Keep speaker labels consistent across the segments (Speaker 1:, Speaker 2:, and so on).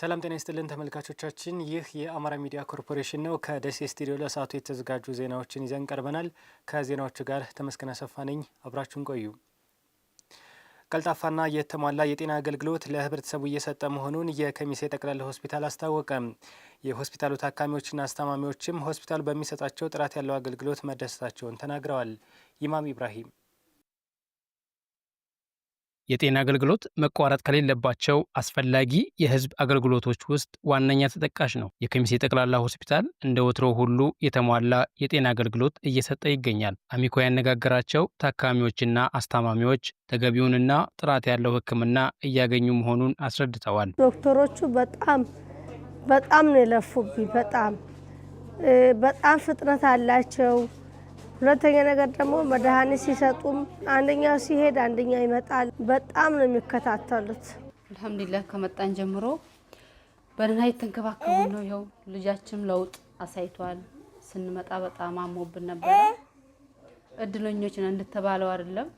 Speaker 1: ሰላም ጤና ይስጥልን ተመልካቾቻችን፣ ይህ የአማራ ሚዲያ ኮርፖሬሽን ነው። ከደሴ ስቱዲዮ ለሰዓቱ የተዘጋጁ ዜናዎችን ይዘን ቀርበናል። ከዜናዎቹ ጋር ተመስገን አሰፋ ነኝ። አብራችሁን ቆዩ። ቀልጣፋና የተሟላ የጤና አገልግሎት ለህብረተሰቡ እየሰጠ መሆኑን የከሚሴ ጠቅላላ ሆስፒታል አስታወቀም። የሆስፒታሉ ታካሚዎችና አስታማሚዎችም ሆስፒታሉ በሚሰጣቸው ጥራት ያለው አገልግሎት መደሰታቸውን ተናግረዋል። ኢማም ኢብራሂም የጤና አገልግሎት መቋረጥ ከሌለባቸው አስፈላጊ የህዝብ አገልግሎቶች ውስጥ ዋነኛ ተጠቃሽ ነው። የከሚሴ ጠቅላላ ሆስፒታል እንደ ወትሮ ሁሉ የተሟላ የጤና አገልግሎት እየሰጠ ይገኛል። አሚኮ ያነጋገራቸው ታካሚዎችና አስታማሚዎች ተገቢውንና ጥራት ያለው ሕክምና እያገኙ መሆኑን አስረድተዋል።
Speaker 2: ዶክተሮቹ በጣም በጣም ነው የለፉብኝ። በጣም በጣም ፍጥነት አላቸው። ሁለተኛ ነገር ደግሞ መድኃኒት ሲሰጡም አንደኛው ሲሄድ አንደኛው ይመጣል። በጣም ነው የሚከታተሉት።
Speaker 3: አልሐምዱሊላህ ከመጣን ጀምሮ በደህና የተንከባከቡ ነው። ይኸው ልጃችን ለውጥ አሳይቷል። ስንመጣ በጣም አሞብን ነበረ። እድለኞች ነን እንደተባለው አይደለም።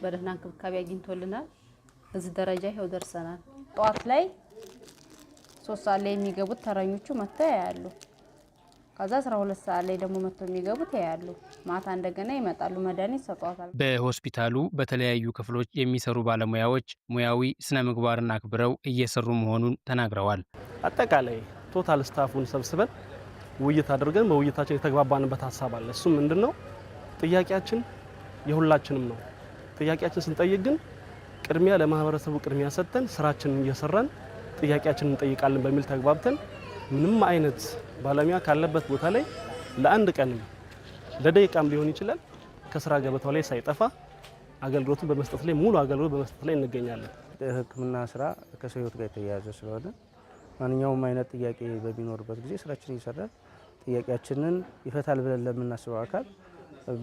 Speaker 3: በደህና እንክብካቤ አግኝቶልናል። እዚህ ደረጃ ይኸው ደርሰናል።
Speaker 4: ጠዋት ላይ ሶስት ሰዓት ላይ የሚገቡት ተረኞቹ መጥተው ያያሉ። ከዛ 12 ሰዓት ላይ ደግሞ መጥተው የሚገቡት ያያሉ። ማታ እንደገና ይመጣሉ፣ መድኃኒት ይሰጧታል።
Speaker 1: በሆስፒታሉ በተለያዩ ክፍሎች የሚሰሩ ባለሙያዎች ሙያዊ ስነ ምግባርን አክብረው እየሰሩ መሆኑን ተናግረዋል።
Speaker 5: አጠቃላይ ቶታል ስታፉን ሰብስበን ውይይት አድርገን በውይይታችን የተግባባንበት ሀሳብ አለ። እሱም ምንድን ነው? ጥያቄያችን የሁላችንም ነው። ጥያቄያችን ስንጠይቅ ግን ቅድሚያ ለማህበረሰቡ ቅድሚያ ሰጥተን ስራችንን እየሰራን ጥያቄያችንን እንጠይቃለን በሚል ተግባብተን ምንም አይነት ባለሙያ ካለበት ቦታ ላይ ለአንድ ቀን ለደቂቃም ሊሆን ይችላል ከስራ ገበታው ላይ ሳይጠፋ አገልግሎቱን በመስጠት ላይ ሙሉ አገልግሎት በመስጠት ላይ እንገኛለን።
Speaker 6: ሕክምና ስራ ከሰው ጋር የተያያዘ ስለሆነ ማንኛውም አይነት ጥያቄ በሚኖርበት ጊዜ ስራችን እየሰራን ጥያቄያችንን ይፈታል ብለን ለምናስበው አካል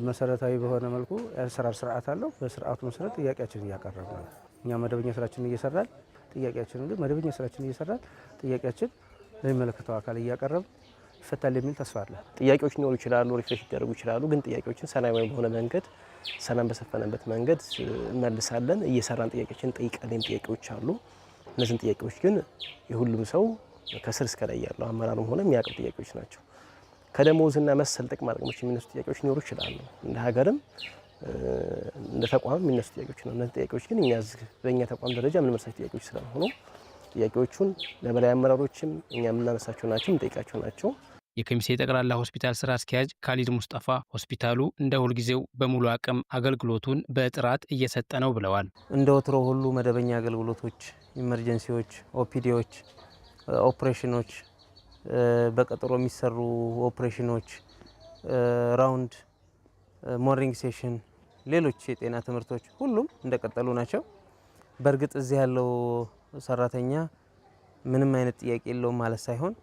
Speaker 6: መሰረታዊ በሆነ መልኩ የአሰራር ስርዓት አለው። በስርዓቱ መሰረት ጥያቄያችን እያቀረብ ነው። እኛ መደበኛ ስራችን እየሰራል ጥያቄያችን ግን መደበኛ ስራችን እየሰራል ጥያቄያችን ለሚመለከተው አካል እያቀረብ ይፈታል የሚል ተስፋ አለ።
Speaker 7: ጥያቄዎች ሊኖሩ ይችላሉ፣ ሪፍሬሽ ሊደረጉ ይችላሉ። ግን ጥያቄዎችን ሰላማዊ በሆነ መንገድ፣ ሰላም በሰፈነበት መንገድ እመልሳለን። እየሰራን ጥያቄዎችን ጠይቀን ጥያቄዎች አሉ። እነዚህን ጥያቄዎች ግን የሁሉም ሰው ከስር እስከ ላይ ያለው አመራሩም ሆነ የሚያቀርብ ጥያቄዎች ናቸው። ከደሞዝና መሰል ጥቅማ ጥቅሞች የሚነሱ ጥያቄዎች ሊኖሩ ይችላሉ። እንደ ሀገርም እንደ ተቋም የሚነሱ ጥያቄዎች ነው። እነዚህ ጥያቄዎች ግን እኛ በእኛ ተቋም ደረጃ የምንመልሳቸው ጥያቄዎች ስለሆኑ ጥያቄዎቹን ለበላይ አመራሮችም እኛ የምናነሳቸው ናቸው፣ የምንጠይቃቸው ናቸው።
Speaker 1: የከሚሴ ጠቅላላ ሆስፒታል ስራ አስኪያጅ ካሊድ ሙስጠፋ ሆስፒታሉ እንደ ሁልጊዜው በሙሉ አቅም አገልግሎቱን በጥራት እየሰጠ ነው ብለዋል።
Speaker 8: እንደ ወትሮ ሁሉ መደበኛ አገልግሎቶች፣ ኢመርጀንሲዎች፣ ኦፒዲዎች፣ ኦፕሬሽኖች፣ በቀጠሮ የሚሰሩ ኦፕሬሽኖች፣ ራውንድ፣ ሞርኒንግ ሴሽን፣ ሌሎች የጤና ትምህርቶች ሁሉም እንደቀጠሉ ናቸው። በእርግጥ እዚህ ያለው ሰራተኛ ምንም አይነት ጥያቄ የለውም ማለት ሳይሆን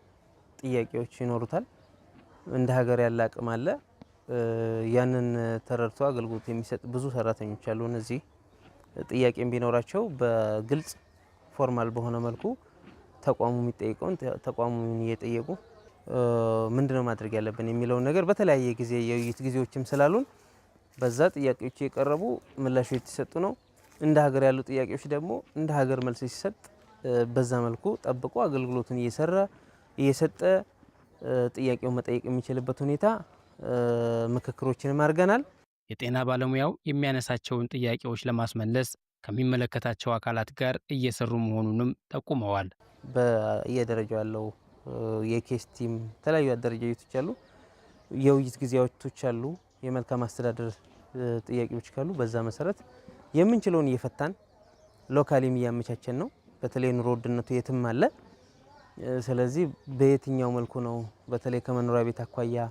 Speaker 8: ጥያቄዎች ይኖሩታል። እንደ ሀገር ያለ አቅም አለ። ያንን ተረድቶ አገልግሎት የሚሰጥ ብዙ ሰራተኞች አሉ። እነዚህ ጥያቄም ቢኖራቸው በግልጽ ፎርማል በሆነ መልኩ ተቋሙ የሚጠይቀውን ተቋሙን እየጠየቁ ምንድነው ማድረግ ያለብን የሚለውን ነገር በተለያየ ጊዜ የውይይት ጊዜዎችም ስላሉን በዛ ጥያቄዎች የቀረቡ ምላሾች የተሰጡ ነው። እንደ ሀገር ያሉ ጥያቄዎች ደግሞ እንደ ሀገር መልስ ሲሰጥ በዛ መልኩ ጠብቆ አገልግሎቱን እየሰራ እየሰጠ ጥያቄው መጠየቅ የሚችልበት ሁኔታ ምክክሮችንም አድርገናል።
Speaker 1: የጤና ባለሙያው የሚያነሳቸውን ጥያቄዎች ለማስመለስ ከሚመለከታቸው አካላት ጋር እየሰሩ መሆኑንም ጠቁመዋል።
Speaker 8: በየደረጃው ያለው የኬስ ቲም የተለያዩ አደረጃጀቶች አሉ። የውይይት ጊዜያቶች አሉ። የመልካም አስተዳደር ጥያቄዎች ካሉ በዛ መሰረት የምንችለውን እየፈታን ሎካሊም እያመቻቸን ነው። በተለይ ኑሮ ውድነቱ የትም አለ ስለዚህ በየትኛው መልኩ ነው በተለይ ከመኖሪያ ቤት አኳያ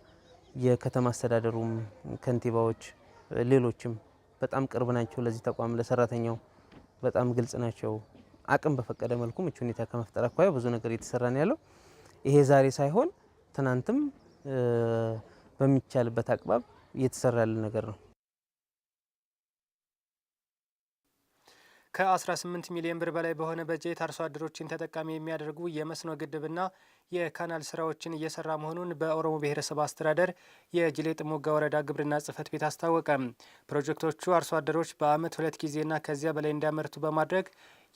Speaker 8: የከተማ አስተዳደሩም ከንቲባዎች፣ ሌሎችም በጣም ቅርብ ናቸው ለዚህ ተቋም ለሰራተኛው በጣም ግልጽ ናቸው። አቅም በፈቀደ መልኩ ምቹ ሁኔታ ከመፍጠር አኳያ ብዙ ነገር እየተሰራ ነው ያለው። ይሄ ዛሬ ሳይሆን ትናንትም በሚቻልበት አቅባብ እየተሰራ ያለ ነገር ነው።
Speaker 1: ከ18 ሚሊዮን ብር በላይ በሆነ በጀት አርሶ አደሮችን ተጠቃሚ የሚያደርጉ የመስኖ ግድብና የካናል ስራዎችን እየሰራ መሆኑን በኦሮሞ ብሔረሰብ አስተዳደር የጅሌ ጥሙጋ ወረዳ ግብርና ጽፈት ቤት አስታወቀ። ፕሮጀክቶቹ አርሶ አደሮች በዓመት ሁለት ጊዜና ከዚያ በላይ እንዲያመርቱ በማድረግ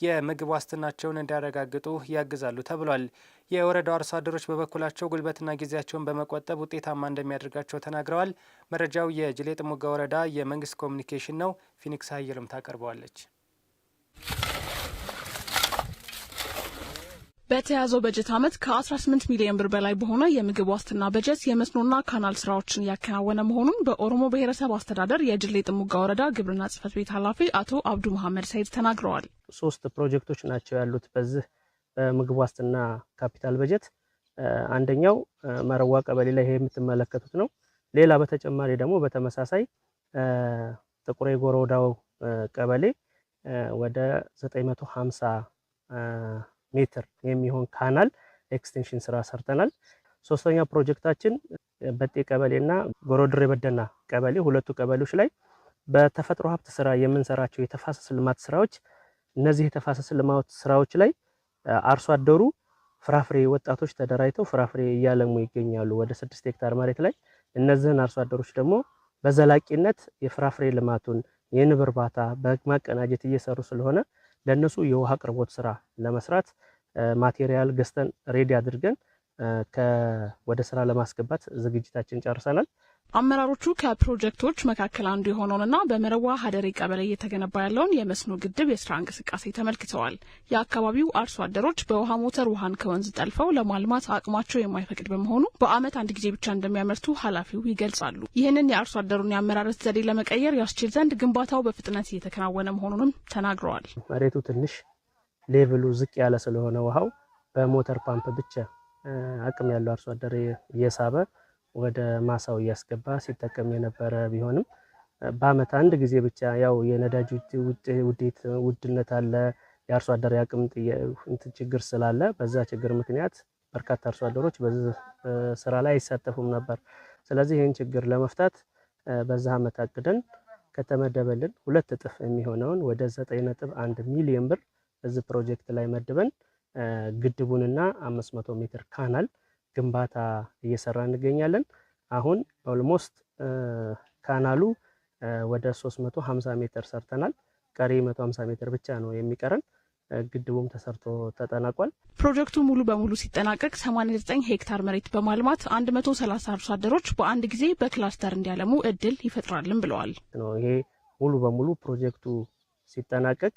Speaker 1: የምግብ ዋስትናቸውን እንዲያረጋግጡ ያግዛሉ ተብሏል። የወረዳው አርሶ አደሮች በበኩላቸው ጉልበትና ጊዜያቸውን በመቆጠብ ውጤታማ እንደሚያደርጋቸው ተናግረዋል። መረጃው የጅሌ ጥሙጋ ወረዳ የመንግስት ኮሚኒኬሽን ነው። ፊኒክስ አየሎም ታቀርበዋለች። በተያዘው በጀት ዓመት ከ18 ሚሊዮን ብር በላይ በሆነ የምግብ ዋስትና በጀት የመስኖና ካናል ስራዎችን እያከናወነ መሆኑን በኦሮሞ ብሔረሰብ አስተዳደር የጅሌ ጥሙጋ ወረዳ ግብርና ጽህፈት ቤት ኃላፊ አቶ አብዱ መሐመድ ሰይድ ተናግረዋል።
Speaker 8: ሶስት ፕሮጀክቶች ናቸው ያሉት በዚህ በምግብ ዋስትና ካፒታል በጀት። አንደኛው መረዋ ቀበሌ ላይ ይሄ የምትመለከቱት ነው። ሌላ በተጨማሪ ደግሞ በተመሳሳይ ጥቁሬ ጎሮዳው ቀበሌ ወደ 950 ሜትር የሚሆን ካናል ኤክስቴንሽን ስራ ሰርተናል። ሶስተኛ ፕሮጀክታችን በጤ ቀበሌ እና ጎሮድሬ በደና ቀበሌ ሁለቱ ቀበሌዎች ላይ በተፈጥሮ ሀብት ስራ የምንሰራቸው የተፋሰስ ልማት ስራዎች እነዚህ የተፋሰስ ልማት ስራዎች ላይ አርሶ አደሩ ፍራፍሬ ወጣቶች ተደራጅተው ፍራፍሬ እያለሙ ይገኛሉ። ወደ ስድስት ሄክታር መሬት ላይ እነዚህን አርሶ አደሮች ደግሞ በዘላቂነት የፍራፍሬ ልማቱን የንብ እርባታ በማቀናጀት እየሰሩ ስለሆነ ለእነሱ የውሃ አቅርቦት ስራ ለመስራት ማቴሪያል ገዝተን ሬዲ አድርገን ወደ ስራ ለማስገባት ዝግጅታችን ጨርሰናል።
Speaker 1: አመራሮቹ ከፕሮጀክቶች መካከል አንዱ የሆነውንና በመረዋ ሀደሬ ቀበሌ እየተገነባ ያለውን የመስኖ ግድብ የስራ እንቅስቃሴ ተመልክተዋል። የአካባቢው አርሶ አደሮች በውሃ ሞተር ውሃን ከወንዝ ጠልፈው ለማልማት አቅማቸው የማይፈቅድ በመሆኑ በዓመት አንድ ጊዜ ብቻ እንደሚያመርቱ ኃላፊው ይገልጻሉ። ይህንን የአርሶ አደሩን የአመራረት ዘዴ ለመቀየር ያስችል ዘንድ ግንባታው በፍጥነት እየተከናወነ መሆኑንም ተናግረዋል።
Speaker 8: መሬቱ ትንሽ ሌቭሉ ዝቅ ያለ ስለሆነ ውሃው በሞተር ፓምፕ ብቻ አቅም ያለው አርሶ አደር እየሳበ ወደ ማሳው እያስገባ ሲጠቀም የነበረ ቢሆንም በአመት አንድ ጊዜ ብቻ ያው የነዳጅ ውዴት ውድነት አለ። የአርሶ አደር የአቅም ችግር ስላለ በዛ ችግር ምክንያት በርካታ አርሶ አደሮች በስራ ስራ ላይ አይሳተፉም ነበር። ስለዚህ ይህን ችግር ለመፍታት በዛ አመት አቅደን ከተመደበልን ሁለት እጥፍ የሚሆነውን ወደ ዘጠኝ ነጥብ አንድ ሚሊዮን ብር እዚህ ፕሮጀክት ላይ መድበን ግድቡንና አምስት መቶ ሜትር ካናል ግንባታ እየሰራ እንገኛለን። አሁን ኦልሞስት ካናሉ ወደ 350 ሜትር ሰርተናል። ቀሪ 150 ሜትር ብቻ ነው የሚቀረን። ግድቡም ተሰርቶ ተጠናቋል።
Speaker 1: ፕሮጀክቱ ሙሉ በሙሉ ሲጠናቀቅ 89 ሄክታር መሬት በማልማት 130 አርሶ አደሮች በአንድ ጊዜ በክላስተር እንዲያለሙ እድል ይፈጥራልም ብለዋል።
Speaker 8: ይሄ ሙሉ በሙሉ ፕሮጀክቱ ሲጠናቀቅ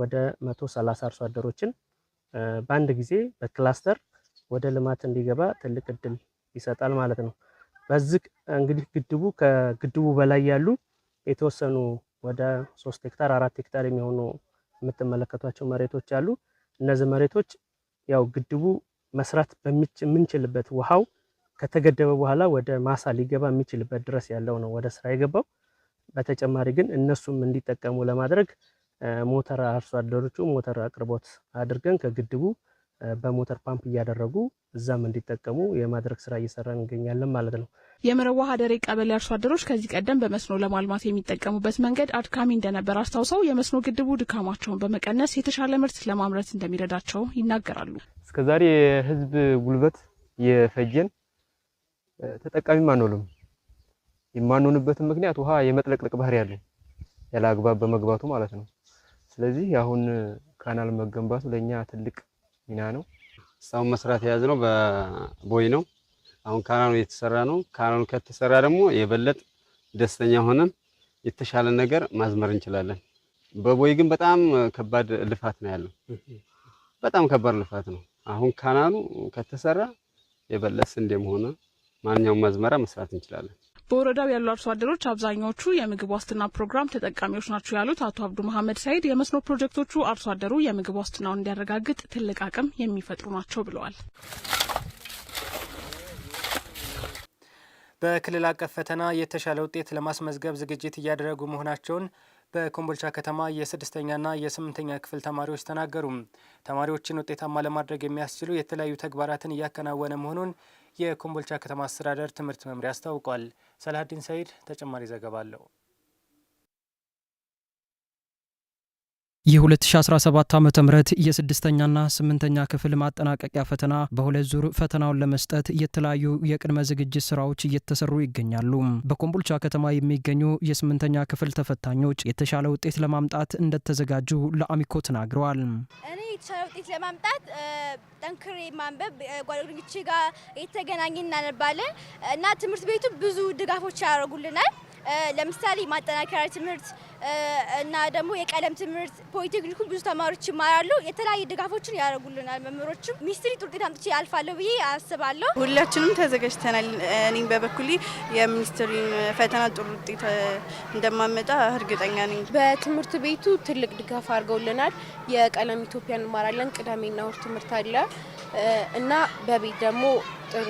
Speaker 8: ወደ 130 አርሶ አደሮችን በአንድ ጊዜ በክላስተር ወደ ልማት እንዲገባ ትልቅ እድል ይሰጣል ማለት ነው። በዚህ እንግዲህ ግድቡ ከግድቡ በላይ ያሉ የተወሰኑ ወደ ሶስት ሄክታር አራት ሄክታር የሚሆኑ የምትመለከቷቸው መሬቶች አሉ። እነዚህ መሬቶች ያው ግድቡ መስራት የምንችልበት ውሃው ከተገደበ በኋላ ወደ ማሳ ሊገባ የሚችልበት ድረስ ያለው ነው ወደ ስራ የገባው። በተጨማሪ ግን እነሱም እንዲጠቀሙ ለማድረግ ሞተር አርሶ አደሮቹ ሞተር አቅርቦት አድርገን ከግድቡ በሞተር ፓምፕ እያደረጉ እዛም እንዲጠቀሙ የማድረግ ስራ እየሰራ እንገኛለን ማለት ነው።
Speaker 1: የምረዋ ሀደሬ ቀበሌ አርሶ አደሮች ከዚህ ቀደም በመስኖ ለማልማት የሚጠቀሙበት መንገድ አድካሚ እንደነበር አስታውሰው የመስኖ ግድቡ ድካማቸውን በመቀነስ የተሻለ ምርት ለማምረት እንደሚረዳቸው ይናገራሉ።
Speaker 8: እስከዛሬ የህዝብ ጉልበት የፈጀን ተጠቃሚም አንሆንም። የማንሆንበትን ምክንያት ውሃ የመጥለቅለቅ ባህሪ ያለው ያለ አግባብ በመግባቱ ማለት ነው። ስለዚህ አሁን ካናል መገንባቱ ለእኛ ትልቅ ሚና
Speaker 9: ነው። እስካሁን መስራት የያዝነው በቦይ ነው። አሁን ካናኑ እየተሰራ ነው። ካናኑ ከተሰራ ደግሞ የበለጥ ደስተኛ ሆነን የተሻለ ነገር ማዝመር እንችላለን። በቦይ ግን በጣም ከባድ ልፋት ነው ያለው። በጣም ከባድ ልፋት ነው። አሁን ካናኑ ከተሰራ የበለጥ ስንዴም ሆነ ማንኛውም ማዝመራ መስራት እንችላለን።
Speaker 1: በወረዳው ያሉ አርሶ አደሮች አብዛኛዎቹ የምግብ ዋስትና ፕሮግራም ተጠቃሚዎች ናቸው ያሉት አቶ አብዱ መሀመድ ሳይድ የመስኖ ፕሮጀክቶቹ አርሶ አደሩ የምግብ ዋስትናውን እንዲያረጋግጥ ትልቅ አቅም የሚፈጥሩ ናቸው ብለዋል። በክልል አቀፍ ፈተና የተሻለ ውጤት ለማስመዝገብ ዝግጅት እያደረጉ መሆናቸውን በኮምቦልቻ ከተማ የስድስተኛና የስምንተኛ ክፍል ተማሪዎች ተናገሩ። ተማሪዎችን ውጤታማ ለማድረግ የሚያስችሉ የተለያዩ ተግባራትን እያከናወነ መሆኑን የኮምቦልቻ ከተማ አስተዳደር ትምህርት መምሪያ አስታውቋል። ሰላሀዲን ሰይድ ተጨማሪ ዘገባ አለው። የ2017 ዓ ም የስድስተኛና ስምንተኛ ክፍል ማጠናቀቂያ ፈተና በሁለት ዙር ፈተናውን ለመስጠት የተለያዩ የቅድመ ዝግጅት ስራዎች እየተሰሩ ይገኛሉ። በኮምቦልቻ ከተማ የሚገኙ የስምንተኛ ክፍል ተፈታኞች የተሻለ ውጤት ለማምጣት እንደተዘጋጁ ለአሚኮ ተናግረዋል።
Speaker 10: እኔ የተሻለ ውጤት ለማምጣት ጠንክሬ ማንበብ ጓደኞቼ ጋር የተገናኘ እናነባለን እና ትምህርት ቤቱ ብዙ ድጋፎች ያደርጉልናል። ለምሳሌ ማጠናከሪያ ትምህርት እና ደግሞ የቀለም ትምህርት ፖሊቴክኒኩ ብዙ ተማሪዎች ይማራሉ። የተለያዩ ድጋፎችን ያደርጉልናል መምህሮችም። ሚኒስትሪ ውጤት አምጥቼ ያልፋለሁ ብዬ አስባለሁ።
Speaker 11: ሁላችንም ተዘጋጅተናል። እኔ በበኩሌ የሚኒስትሪ ፈተና ጥሩ ውጤት እንደማመጣ እርግጠኛ ነኝ። በትምህርት ቤቱ ትልቅ ድጋፍ አድርገውልናል። የቀለም ኢትዮጵያ እንማራለን። ቅዳሜና እሁድ ትምህርት አለ። እና በቤት ደግሞ ጥሩ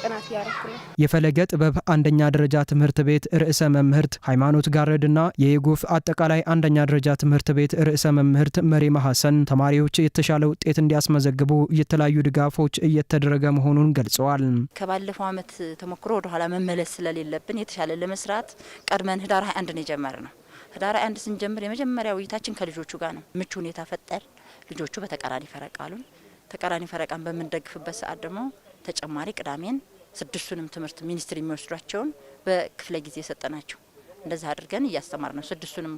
Speaker 11: ጥናት እያደረኩ ነው።
Speaker 1: የፈለገ ጥበብ አንደኛ ደረጃ ትምህርት ቤት ርዕሰ መምህርት ሃይማኖት ጋረድና የየጎፍ አጠቃላይ አንደኛ ደረጃ ትምህርት ቤት ርዕሰ መምህርት መሪማ ሀሰን ተማሪዎች የተሻለ ውጤት እንዲያስመዘግቡ የተለያዩ ድጋፎች እየተደረገ መሆኑን ገልጸዋል።
Speaker 12: ከባለፈው ዓመት ተሞክሮ ወደኋላ መመለስ ስለሌለብን የተሻለ ለመስራት ቀድመን ህዳር 21 ነው የጀመርነው። ህዳር 21 ስንጀምር የመጀመሪያ ውይይታችን ከልጆቹ ጋር ነው። ምቹ ሁኔታ ፈጠር ልጆቹ በተቃራኒ ፈረቃሉን ተቃራኒ ፈረቃን በምንደግፍበት ሰዓት ደግሞ ተጨማሪ ቅዳሜን ስድስቱንም ትምህርት ሚኒስትር የሚወስዷቸውን በክፍለ ጊዜ የሰጠናቸው እንደዛ አድርገን እያስተማር ነው። ስድስቱንም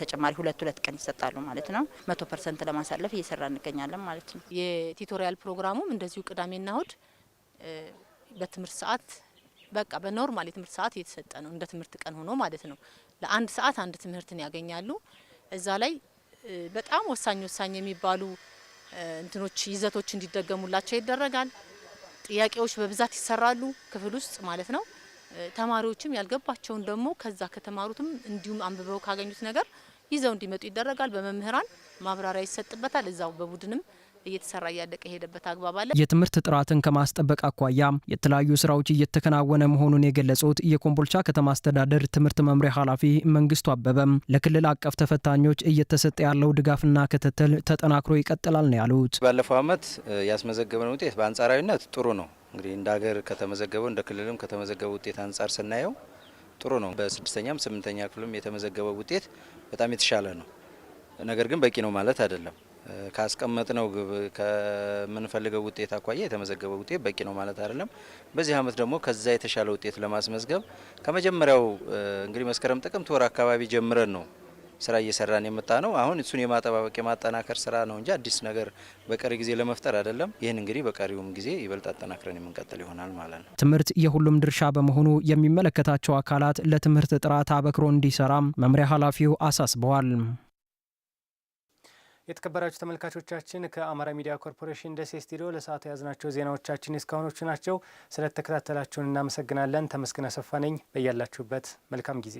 Speaker 12: ተጨማሪ ሁለት ሁለት ቀን ይሰጣሉ ማለት ነው። መቶ ፐርሰንት ለማሳለፍ እየሰራ እንገኛለን ማለት
Speaker 13: ነው። የቲቶሪያል ፕሮግራሙም እንደዚሁ ቅዳሜና እሁድ በትምህርት ሰዓት በቃ በኖርማል የትምህርት ሰዓት እየተሰጠ ነው። እንደ ትምህርት ቀን ሆኖ ማለት ነው። ለአንድ ሰዓት አንድ ትምህርትን ያገኛሉ። እዛ ላይ በጣም ወሳኝ ወሳኝ የሚባሉ እንትኖች ይዘቶች እንዲደገሙላቸው ይደረጋል። ጥያቄዎች በብዛት ይሰራሉ ክፍል ውስጥ ማለት ነው። ተማሪዎችም ያልገባቸውን ደግሞ ከዛ ከተማሩትም እንዲሁም አንብበው ካገኙት ነገር ይዘው እንዲመጡ ይደረጋል። በመምህራን ማብራሪያ ይሰጥበታል። እዛው በቡድንም እየተሰራ እያለቀ የሄደበት አግባብ አለ።
Speaker 1: የትምህርት ጥራትን ከማስጠበቅ አኳያ የተለያዩ ስራዎች እየተከናወነ መሆኑን የገለጹት የኮምቦልቻ ከተማ አስተዳደር ትምህርት መምሪያ ኃላፊ መንግስቱ አበበም ለክልል አቀፍ ተፈታኞች እየተሰጠ ያለው ድጋፍና ክትትል ተጠናክሮ ይቀጥላል ነው ያሉት። ባለፈው
Speaker 9: ዓመት ያስመዘገብነው ውጤት በአንጻራዊነት ጥሩ ነው። እንግዲህ እንደ ሀገር ከተመዘገበው እንደ ክልልም ከተመዘገበው ውጤት አንጻር ስናየው ጥሩ ነው። በስድስተኛም ስምንተኛ ክፍልም የተመዘገበው ውጤት በጣም የተሻለ ነው። ነገር ግን በቂ ነው ማለት አይደለም። ካስቀመጥነው ግብ ከምንፈልገው ውጤት አኳያ የተመዘገበ ውጤት በቂ ነው ማለት አይደለም። በዚህ ዓመት ደግሞ ከዛ የተሻለ ውጤት ለማስመዝገብ ከመጀመሪያው እንግዲህ መስከረም ጥቅምት ወር አካባቢ ጀምረን ነው ስራ እየሰራን የመጣ ነው። አሁን እሱን የማጠባበቅ የማጠናከር ስራ ነው እንጂ አዲስ ነገር በቀሪ ጊዜ ለመፍጠር አይደለም። ይህን እንግዲህ በቀሪውም ጊዜ ይበልጥ አጠናክረን የምንቀጥል ይሆናል
Speaker 1: ማለት ነው። ትምህርት የሁሉም ድርሻ በመሆኑ የሚመለከታቸው አካላት ለትምህርት ጥራት አበክሮ እንዲሰራም መምሪያ ኃላፊው አሳስበዋል። የተከበራችሁ ተመልካቾቻችን ከአማራ ሚዲያ ኮርፖሬሽን ደሴ ስቱዲዮ ለሰዓቱ የያዝናቸው ዜናዎቻችን እስካሁኖቹ ናቸው። ስለተከታተላችሁን እናመሰግናለን። ተመስገን አሰፋ ነኝ። በያላችሁበት መልካም ጊዜ